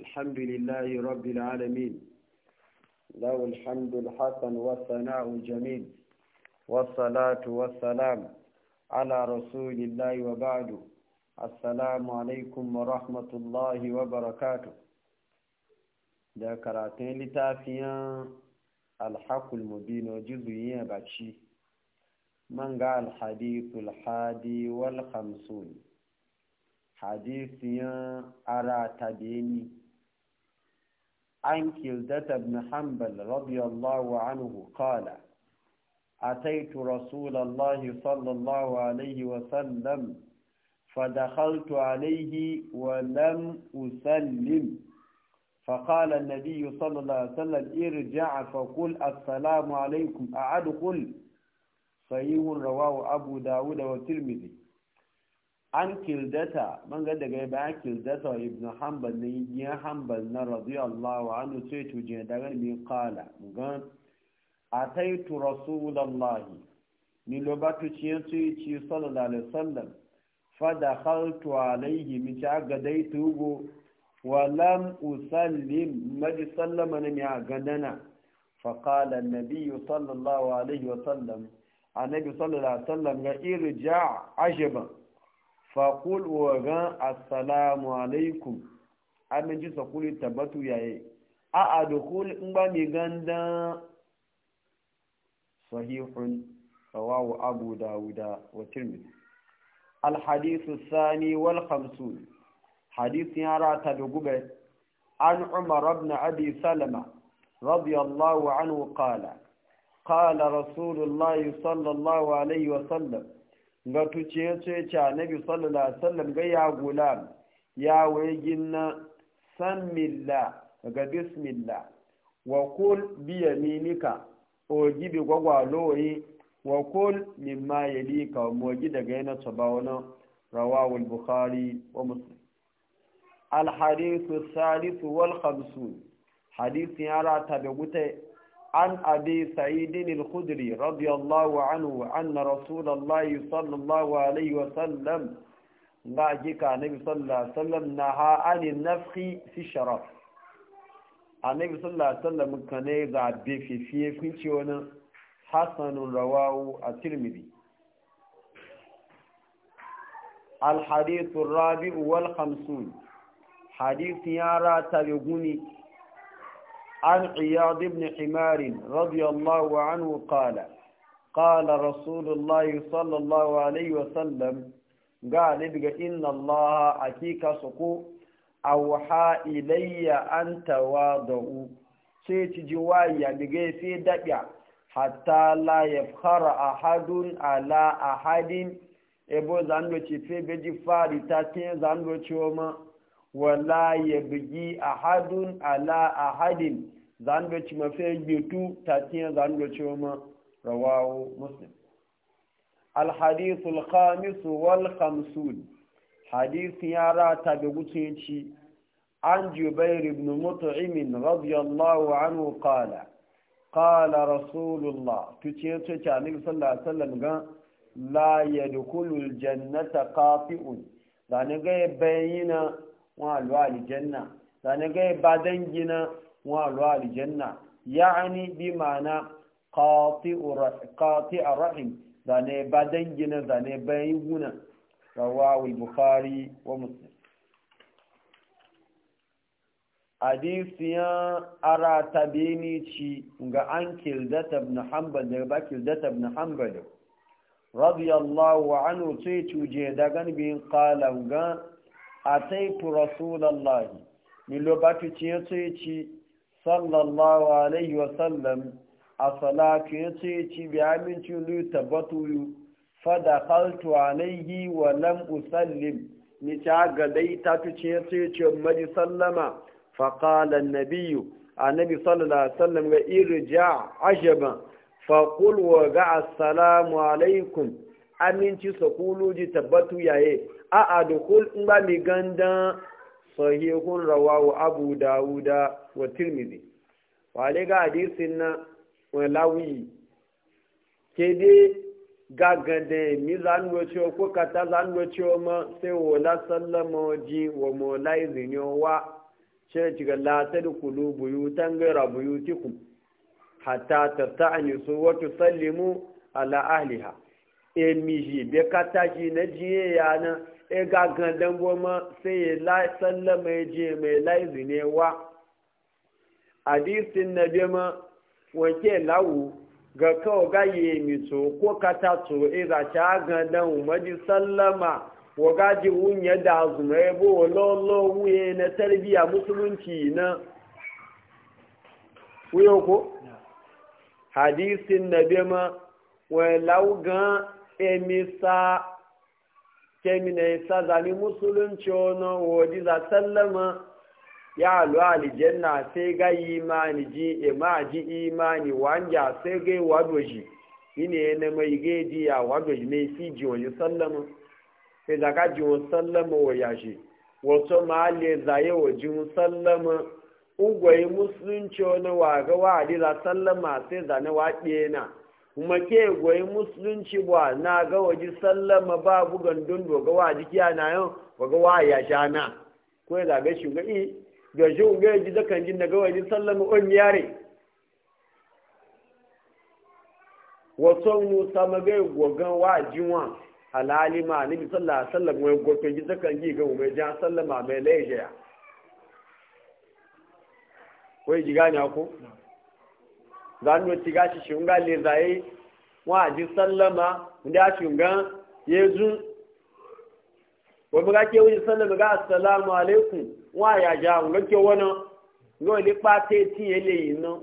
الحمد لله رب العالمين له الحمد الحسن والثناء الجميل والصلاة والسلام على رسول الله وبعد السلام عليكم ورحمة الله وبركاته da karatun littafiyan alhakul mubino juzuyin baci man ga alhadithul hadi wal khamsun hadisiyan ara tabeni عن كلدة بن حنبل رضي الله عنه قال أتيت رسول الله صلى الله عليه وسلم فدخلت عليه ولم أسلم فقال النبي صلى الله عليه وسلم ارجع فقل السلام عليكم قل صحيح رواه أبو داود والترمذي an kildata man ga daga bayan kildata ibn hanbal ne ya hanbal na radiyallahu anhu sai tuje daga mi qala gan ataitu rasulullahi ni lo ba tu ci ci ci sallallahu alaihi wasallam fa dakhaltu alayhi mi ta ga dai tugo wa lam usallim ma di sallama ne mi agadana fa qala an-nabi sallallahu alaihi wasallam annabi sallallahu alaihi wasallam ga irja ajaban faƙul ogan assalamu alaikum amin ji sakuli tabbatu yaye a adukul in ba mai ganda sahihun rawahu abu dawuda wa tirmidhi alhadithu sani wal khamsun hadith yara ta da an umar ibn abi salama radiyallahu anhu qala qala rasulullahi sallallahu alaihi wa sallam ga tuce ce ce annabi sallallahu alaihi wasallam ga ya gulam ya waye ginna san ga bismilla wa kul bi yaminika o gibi gwagwaloyi wa kul mimma yalika mo gi daga yana tabawana rawahu al-bukhari wa muslim al-hadithu thalith wal khamsun hadith ta tabe gutai عن أبي سعيد الخدري رضي الله عنه أن رسول الله صلى الله عليه وسلم بعدك النبي صلى الله عليه وسلم نهى عن النفخ في الشراب النبي صلى الله عليه وسلم كان يدعى في في في حسن رواه الترمذي الحديث الرابع والخمسون حديث يارى تلغني عن عياض بن حمار رضي الله عنه قال قال رسول الله صلى الله عليه وسلم قال ابقى إن الله أكيك سقو أوحى إلي أن تواضعوا سيت جوايا بقى في دقع حتى لا يفخر أحد على أحد ebo zandoci fe beji fari ta ke zandoci ma wala ya bugi ahadun ala ahadin zan da ci mafi gbetu tatiya zan da ci ma rawawo muslim alhadithul khamis wal khamsun hadith ya rata da gutunci an jubair ibn mut'im radiyallahu anhu qala qala rasulullah tuce tuce annabi sallallahu alaihi wasallam ga la yadkhulul jannata qati'un zan ga bayyana wọn àlọ́ àlìjẹ́nà sànẹ́gẹ́ bá dẹ́ngi náà wọn àlọ́ àlìjẹ́nà ní bí màánà kọ́ọ̀tì àrọ́hìn zane ba dangi na zane bayan guna rawawul bukhari wa muslim hadisiyan ara ní ci ga an kildata ibn hanbal da ba kildata ibn hanbal radiyallahu anhu sai tuje da ganbin qalan ga ataitu rasulallahi milo batu ci ya ce ci sallallahu alaihi wasallam a salatu ya ce ci bi aminci lu tabbatu yu fada kaltu alaihi wa lam usallim ni ta gadai ta tu ci ya ce ci maji sallama fa qala annabiyyu annabi sallallahu alaihi wasallam ga irja ajaba fa qul ga assalamu alaikum aminci sakuluji tabbatu yaye a adukul in ba mai gandan sahihun rawawu abu dawuda wa tirmidhi wale ga hadisin na walawi ke dai gagade mi zanwociyo ko kata zanwociyo ma sai wala sallama ji wa mola iziniyo wa ce ciga latar kulu buyutan gaira buyutikum hatta su wa tusallimu ala ahliha emiji be kataji na jiye na e ga gandan goma sai ya la sallama ya je mai la izine wa hadisin na be wanke lawu ga kawo ga emi mito ko kata to e za ta gandan umaji sallama wa gaji wunya da azuma ya e bo lolo wuye na tarbiya musulunci na wuyo ko hadisin na be wa lawu gan emisa kemine sazani musulunci wani waje za sallama ya alu alijanna sai ga imani ji imaji e imani wanja sai ga wadoji ine na mai gaji ya wadoji mai si ji wani sallama sai da ka ji wani sallama wa yashi wato mahalle zaye wa ji wani sallama ugwai musulunci wa waga wa aliza sallama sai zane wa ɗena kuma ke goyi musulunci ba na ga waje sallama ba bugan dundo ga wa jiki na yau ba ga wa ya sha na ko ya zaga shi ga i shi ga ji da kan jin da ga waje sallama on yare wato mu sama ga gogan wa jinwa alalima ni bi sallallahu alaihi wasallam wai goto ji da kan ji ga mai ja sallama mai laija ko ji gane ko zanu ti gashi shunga le zai wa ji sallama shi shunga yezu wa buga ke wuji sallama ga assalamu alaikum wa ya ja nga ke wona ngo le pate ti ele yino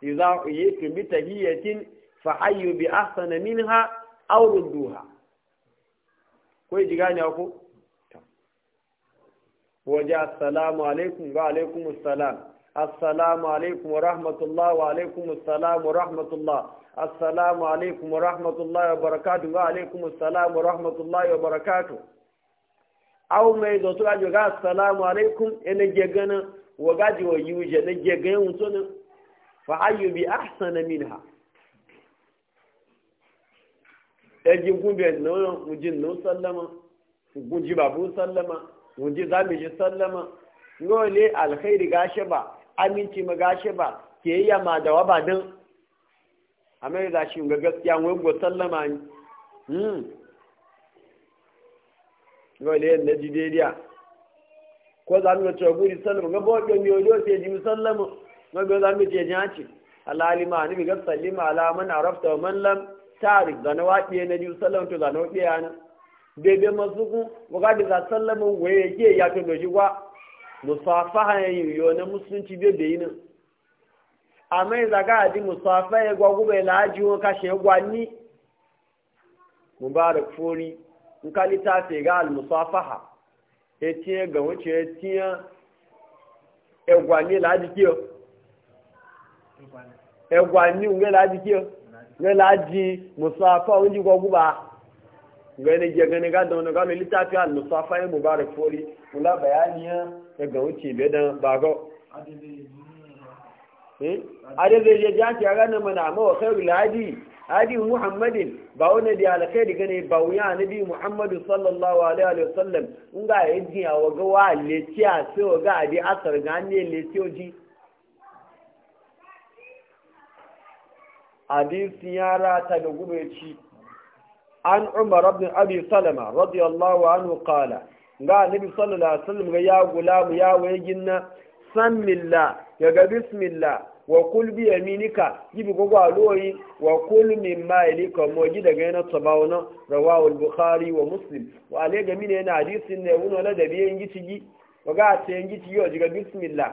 idza yitu bi tahiyatin fa hayyu bi ahsana minha aw rudduha ko ji gani ko ja assalamu alaikum wa alaikumus salam assalamu alaikum wa rahmatullah wa alaikum assalam wa rahmatullah assalamu alaikum wa rahmatullah wa barakatuh wa alaikum assalam wa rahmatullah wa barakatuh aw mai zo tura ga assalamu alaikum ina je gana wa gaji wa yuje na je gana mutun fa ayyu bi ahsana minha eji gumbe no mujin no sallama ji babu sallama gunji zamiji sallama ngole alkhairi gashe ba aminci magashe ba ke yi yamma da ba din amai da shi ga gaskiya wani go sallama ni hmm wale yadda na jideriya ko za mu ga cewa guri sallama ga bawa ɗan yau yau sai ji mu sallama ga ga za mu ce janci alalima ni ga sallima alaman man arafta wa man lam tarik zana waɗe na ji sallama to zana waɗiye yana bebe masu ku ga da sallama waye ke ya to doji kwa musafaha ya yi yiwu na musulunci bai yi nan amma yanzu ga adi musafa ya gwagu bai laji wọn kashe gwanni mubarak fori in ka littafi ga al-musafaha ya tiye ga wuce ya tiye egwani laji kiyo egwani nge laji kiyo nge laji musafa wunji gwagu ba gani ya gani ga dauna ga gano littafi al-musafa ya mubarak fori kula bayani ya daga wuce bai da bago adai zai je jaki a ganin mana amma wa kai wiladi hadi muhammadin ba wani da alakai da gani ba wuya bi muhammadu sallallahu alaihi wa sallam in ga yi jiya wa wa leci a sai wa ga adi asar ga ne leci oji hadisi yara ta da gubeci ci an umar rabin abi salama radiyallahu anhu qala ga nabi sallallahu alaihi wasallam ga ya gulamu ya waye ginna Sammilla ya ga bismillah wa kul bi yaminika gibi gogo aloyi wa kul min ma ilika mo gi daga yana tabawna rawahu al-bukhari wa muslim wa ale ga mine yana hadisin ne wuno la da biyen gici gi ga ta yin gici yo diga bismillah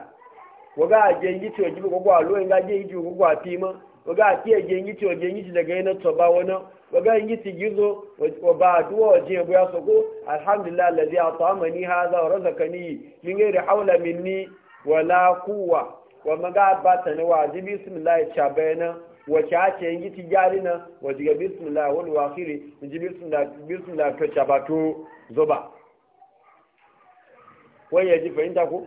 waga je gici yo gibi gogo aloyi ga je gici gogo atima waga ti je gici yo je gici daga yana tabawna waga yi ti gizo wa ba duwa buya ya sako alhamdulillah allazi at'amani hadha wa razaqani min ghairi hawla minni wala kuwa wa maga bata ne wa ji bismillah cha bayana wa cha ce yi ti jarina wa jiga bismillah wa wakhiri jibi bismillah bismillah to cha to zoba wai ya ji fahimta ko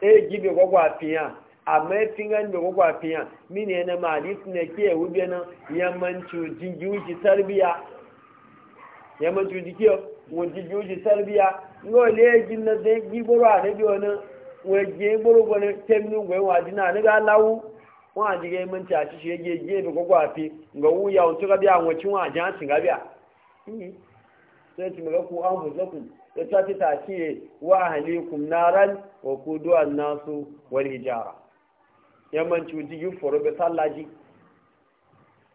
e gibe gwagwa fiya amma fingan da gwagwa fiya mini yana malis na ke wube nan yammancu jigiwuci tarbiya yammancu jikiyo wajigiwuci tarbiya ngo le jin na zai giboro a rabi wani wajen gboro gwani temnin gwai na ni ga lawu ya a jiga yammanci a shi yage yi da gwagwa fi ga wuya wancu ga a biya hmm. sai ci ku an ya ta fi tashi wa ahalikum naran wa kudu an nasu wal hijara yamanci uji yi foro be sallaji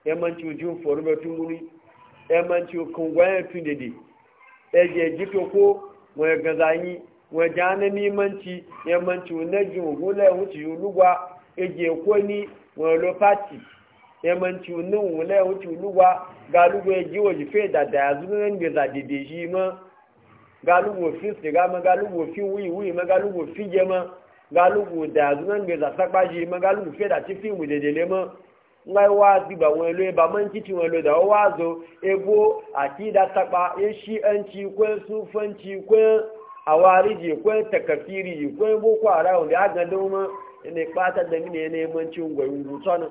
yamanci uji foro be tumuri yamanci kungwaye tun dede eje jito ko wọn gazanyi wọn jana nimanci yamanci unaji ugula wuce ulugwa eje ko ni wọn lo pati yamanci unin ugula wuce ulugwa galugo eji waje fe da da yanzu nan be za dede shi ma galugo fi sigama galugo fi wuyi wuyi ma galugo fi jema galugu da zunan mai zasa kpaji ma galugu fe da ti fiimu dedele ma ngai wa diba wọn lo eba man titi wọn lo da wa zo ebo ati da takpa e shi anci kwen sufanci kwen awariji kwen takafiri kwen boko haram da aga don ma ne kpata da mini ne man ci ngwa rubuta na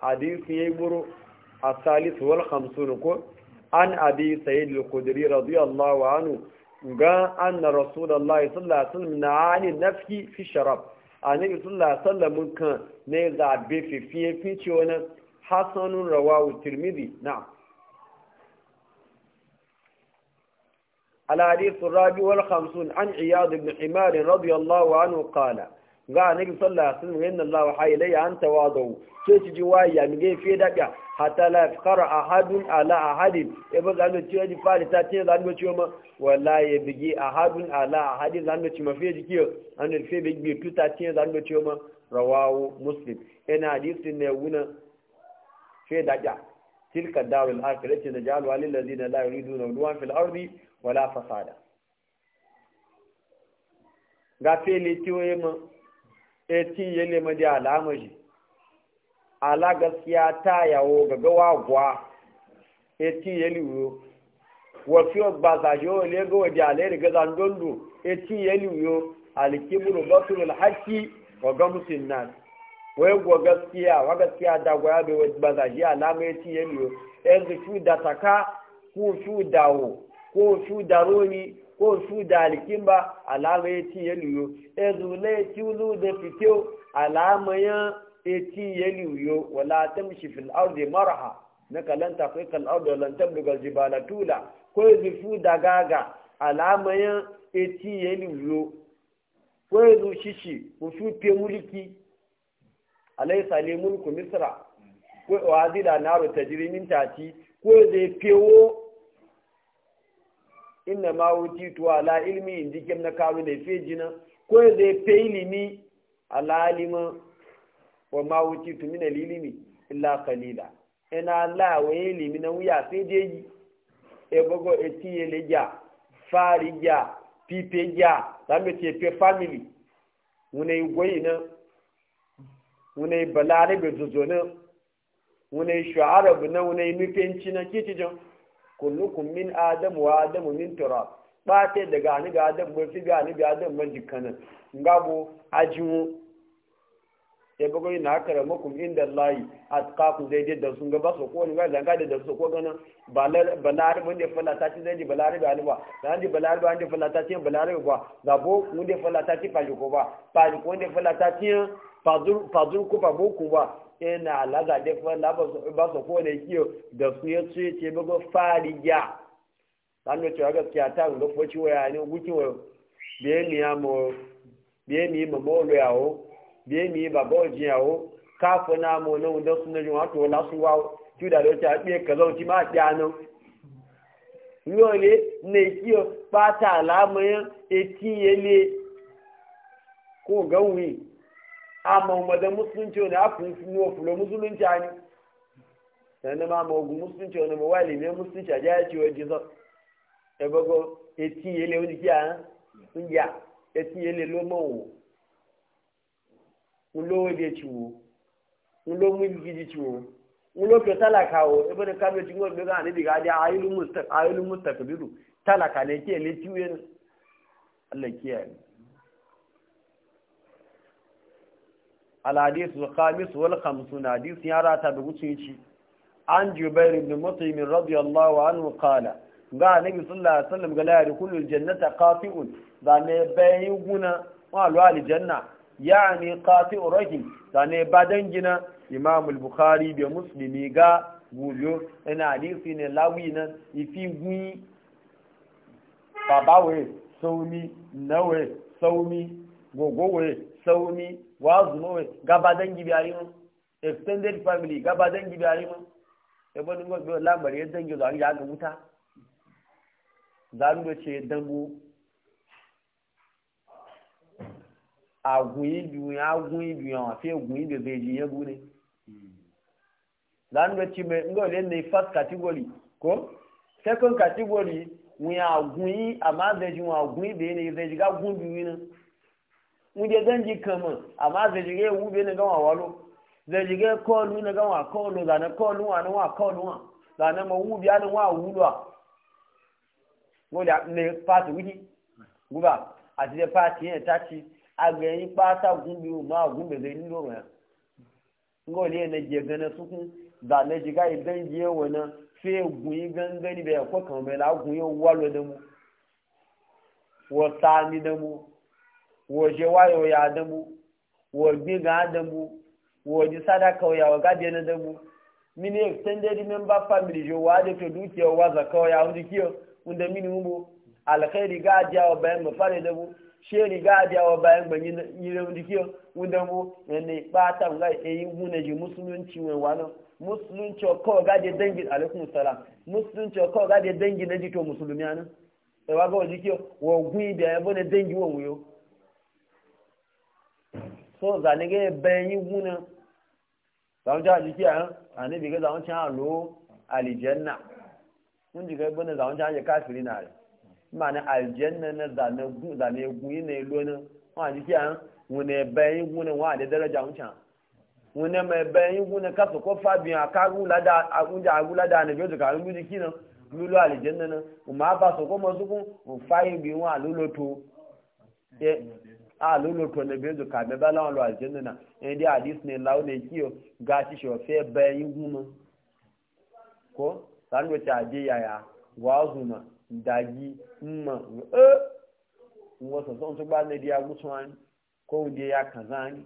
hadisi yayi buru الثالث والخمسون ko an abi sayyid al-qudri radiyallahu anhu ga anna rasulallah sallallahu alaihi wasallam na ani nafki fi sharab annabi sallallahu alaihi wasallam kan ne zabe fifiye fice wani hasanun rawahu tirmidhi na'am الحديث الرابع والخمسون عن عياض بن حمار رضي الله عنه قال ga annabi sallallahu alaihi wasallam inna Allah wa ilayya an tawadu ce ci jiwayi ya ge fi daga hatta la yafqara ahadun ala ahadin e ba zan ci ji fari ta ce zan ci ma wallahi ya bigi ahadun ala ahadin zan ci ma fi ki an fi bigi tu ta ce zan ci ma rawahu muslim ina hadisin ne wuna fi daga tilka darul akhirati najalu walil ladina la yuriduna udwan fil ardi wala fasada ga fele tiwaye ma etin yele ma da alamaji ala gaskiya ta yawo gaga wagwa etin yele wo wafi ogba zajo le go di ale riga zan dondo etin yele wo alkibru batul haqi wa gamsin nas wai go gaskiya wa gaskiya da goya be ba zaji alama etin yele wo shu da taka ko shu dawo ko shu da roni. ko su dalikin ba alama ya ci ya liyo ezula ya ci uzu da fito alama ya ci ya liyo wala mishi fil mara ha na kalanta kai kal arzi wala tabluga al jibala tula ko zu da gaga alama ya ci ya liyo ko zu shishi ko su pe mulki alai sale mulku misra ko wa zila naru tajri ta tati ko zai pewo inna ma wuti tuwa ala ilmi in kem na kawo da fe jina ko zai fe ilimi alima wa ma wuti tu mina lilimi illa qalila ina ala wa ilimi na wuya sai je yi e bogo eti ele ja fari ja pipe ja tambe ce pe family wune goyi na wune balare be zozo na wune shu'arabu na wune nupenci na kiti kullukum min adamu wa adamu min turab ba ta daga ni ga adam ba fi ga ni ga adam man dikkanin ngabo ajiwo ya bugo ina kare muku inda Allah atqaku zai je da sun gaba so ko ni ga da ga da so ko gana balar balar mun da falata ci zai balar ga alwa dan di balar ba da falata ci balar ba gabo mun da falata ci faji ko ba faji ko da falata ci fadur fadur ku ba boku ba ina alaga da fa la ba su ko ne kiyo da su ya ce ce bago fariya dan da cewa gaskiya ta ga foci ne guki biye ni amo biye ni ya yawo biye ni baba na mo no da su ne wato la su wawo ti da lo ta biye kazo e ti ma ti anu yo la eti ko amma umadan musulunci wani a kun fi nuwa fulo musulunci a ne sannan ma mawagu musulunci wani ma wali ne musulunci a jaya ciwo jesus ya bago etin yele wani kiya sun ya etin yele lo wo n lo de ci wo n lo mu gidi wo n lo ke talaka o ebe da kabe ci ngwa gbega ne diga adi ayilu mustaqbiru talaka ne ke le ciwo yana Allah kiyaye الحديث الخامس والخمسون حديث يرى تبغوتيشي عن جبير بن مطعم رضي الله عنه قال قال النبي صلى الله عليه وسلم قال يا كل الجنة قاطئ ذاني بيغنا قالوا الجنة يعني قاطئ رحم ذاني بدنجنا امام البخاري ومسلم قال gujo ina hadisi ne lawi nan ifi gwi babawe saumi nawe saumi gogowe saumi wa zunowe gaba dangi biyayi mu extended family gaba dangi biyayi mu ebo ni ngo biyo lambari yadda ngi zan ya ga wuta zan do ce dambu agun idu ya agun idu ya wa fi agun idu be ji yebu ne zan do ci me ngo le ne first category ko second category mu ya agun yi amma da ji wa agun ibe ne zai ji ga gun biyu ne wunde ganji kama amma zajige wube na gawa walo zajige kọlu na gawa kọlu zane kọlu wa na wa kọlu wa zane ma wubi ana wa wulwa wọle ne pati wiki guba àti ṣe pati yẹn tati agbẹ̀yìn pátá gúnbi o máa gúnbẹ̀ lè nílò rẹ̀ ngọ́ọ̀lì ẹ̀ na jẹ gánà sunkún zane jiga ìgbẹ́nji ẹ̀wọ̀ na fẹ́ gùn yín gángan níbẹ̀ ẹ̀kọ́ kan na gùn yín wà mu wọ́ta ní dẹ̀ mu. waje wayo ya dabu waje ga dabu waje sadaka ya waga je na dabu mini extended member family jo waje to dukiya waza ka ya hunji kiyo unda mini mumbo alkhairi ga wa bayan mu fare dabu sheri ga jawa bayan ban yi na hunji kiyo unda mu ne ba ta ga e yi yin ji musulunci wai wano musulunci ko ga de dangi alaikum salam musulunci ko ga de dangi na ji to musulmiya nan sai e waga waje kiyo wa gwi da yabo na dangi wo muyo so zane ga bayan guna a jiki a annabi ga a lo alijanna kun ji ga bane a kafiri na re ma'ana na zane gun zane gun yi ne lo jiki a wune bayan guna wa da daraja wucin wune a kagun lada a kunja a gulada na biyu zukarun guji kinan lulu alijanna na a ah, lolo to ne bezo ka me ba lawon lo aljanna na en di hadis ne lawo ne o. ga shi sho fe be yigumo ko san wo ta je ya, wa na daji mma e wo so so ba ne di agusuwan ko di ya kazani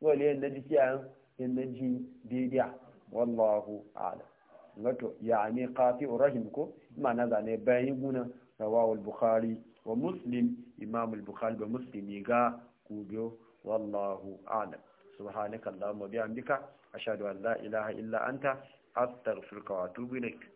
wo le ne di ya en ne ji di dia wallahu a'lam wato yani qati'ur rahim ko ma'ana zane bayin guna rawahu al-bukhari wa muslim imam al-bukhari ba muslimi ga gobe wallahu a'lam allahumma bihamdika ashhadu an la ilaha illa anta astaghfiruka wa atubu ilaik